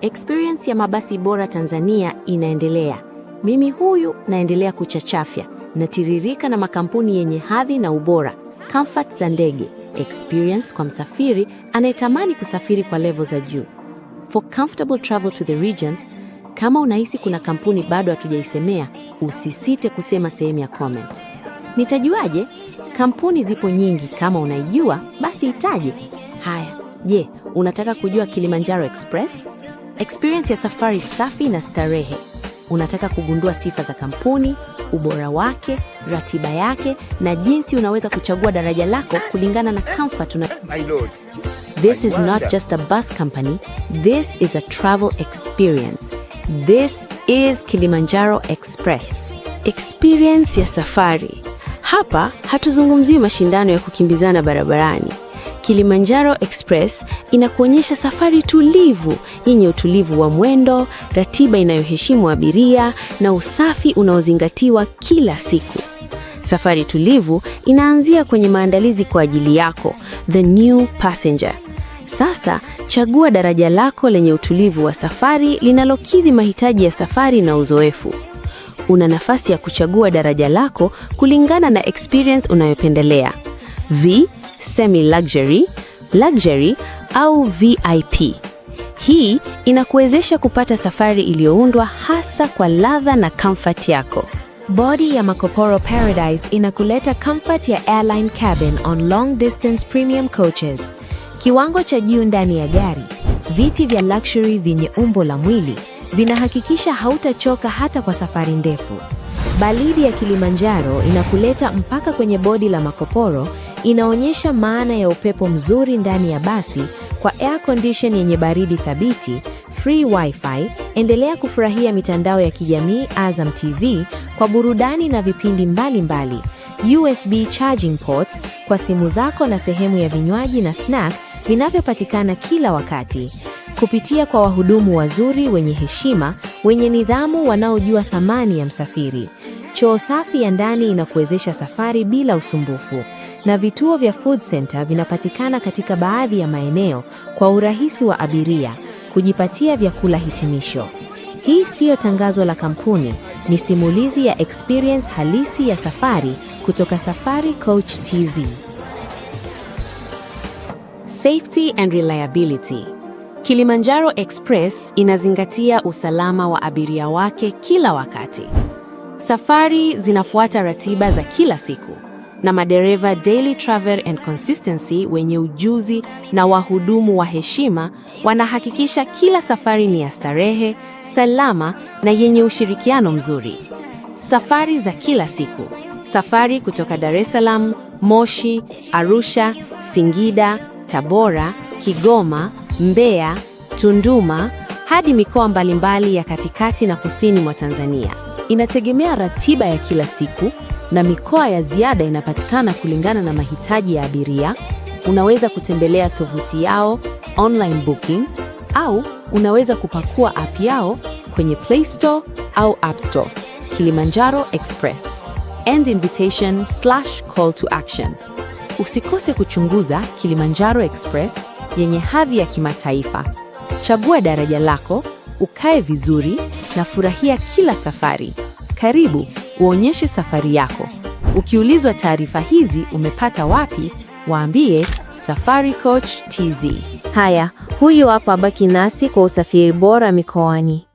Experience ya mabasi bora Tanzania inaendelea. Mimi huyu naendelea kuchachafya, natiririka na makampuni yenye hadhi na ubora. Comfort za ndege, experience kwa msafiri anayetamani kusafiri kwa levo za juu. For comfortable travel to the regions, kama unahisi kuna kampuni bado hatujaisemea, usisite kusema sehemu ya comment. Nitajuaje? Kampuni zipo nyingi, kama unaijua basi itaje. Haya, je, unataka kujua Kilimanjaro Express? Experience ya safari safi na starehe. Unataka kugundua sifa za kampuni, ubora wake, ratiba yake na jinsi unaweza kuchagua daraja lako kulingana na comfort una My Lord. This is not just a bus company. This is a travel experience. This is Kilimanjaro Express. Experience ya safari. Hapa hatuzungumzii mashindano ya kukimbizana barabarani. Kilimanjaro Express inakuonyesha safari tulivu yenye utulivu wa mwendo, ratiba inayoheshimu abiria na usafi unaozingatiwa kila siku. Safari tulivu inaanzia kwenye maandalizi kwa ajili yako, the new passenger. Sasa chagua daraja lako lenye utulivu wa safari linalokidhi mahitaji ya safari na uzoefu. Una nafasi ya kuchagua daraja lako kulingana na experience unayopendelea. V semi luxury, luxury au VIP. Hii inakuwezesha kupata safari iliyoundwa hasa kwa ladha na comfort yako. Bodi ya Makoporo Paradise inakuleta comfort ya airline cabin on long distance premium coaches. Kiwango cha juu ndani ya gari, viti vya luxury vyenye umbo la mwili vinahakikisha hautachoka hata kwa safari ndefu. Balidi ya Kilimanjaro inakuleta mpaka kwenye bodi la Makoporo Inaonyesha maana ya upepo mzuri ndani ya basi kwa air condition yenye baridi thabiti, free wifi. Endelea kufurahia mitandao ya kijamii Azam TV kwa burudani na vipindi mbalimbali mbali. USB charging ports kwa simu zako na sehemu ya vinywaji na snack vinavyopatikana kila wakati kupitia kwa wahudumu wazuri wenye heshima, wenye nidhamu, wanaojua thamani ya msafiri. Choo safi ya ndani inakuwezesha safari bila usumbufu, na vituo vya food center vinapatikana katika baadhi ya maeneo kwa urahisi wa abiria kujipatia vyakula hitimisho. Hii siyo tangazo la kampuni, ni simulizi ya experience halisi ya safari kutoka Safari Coach TZ. Safety and reliability. Kilimanjaro Express inazingatia usalama wa abiria wake kila wakati. Safari zinafuata ratiba za kila siku na madereva Daily Travel and Consistency wenye ujuzi na wahudumu wa heshima wanahakikisha kila safari ni ya starehe, salama na yenye ushirikiano mzuri. Safari za kila siku. Safari kutoka Dar es Salaam, Moshi, Arusha, Singida, Tabora, Kigoma, Mbeya, Tunduma hadi mikoa mbalimbali ya katikati na kusini mwa Tanzania. Inategemea ratiba ya kila siku na mikoa ya ziada inapatikana kulingana na mahitaji ya abiria. Unaweza kutembelea tovuti yao online booking, au unaweza kupakua app yao kwenye Play Store au App Store. Kilimanjaro Express End invitation slash call to action. Usikose kuchunguza Kilimanjaro Express yenye hadhi ya kimataifa. Chagua daraja lako, ukae vizuri na furahia kila safari. Karibu uonyeshe safari yako. Ukiulizwa taarifa hizi umepata wapi, waambie Safari Coach TZ. Haya, huyu hapa, baki nasi kwa usafiri bora mikoani.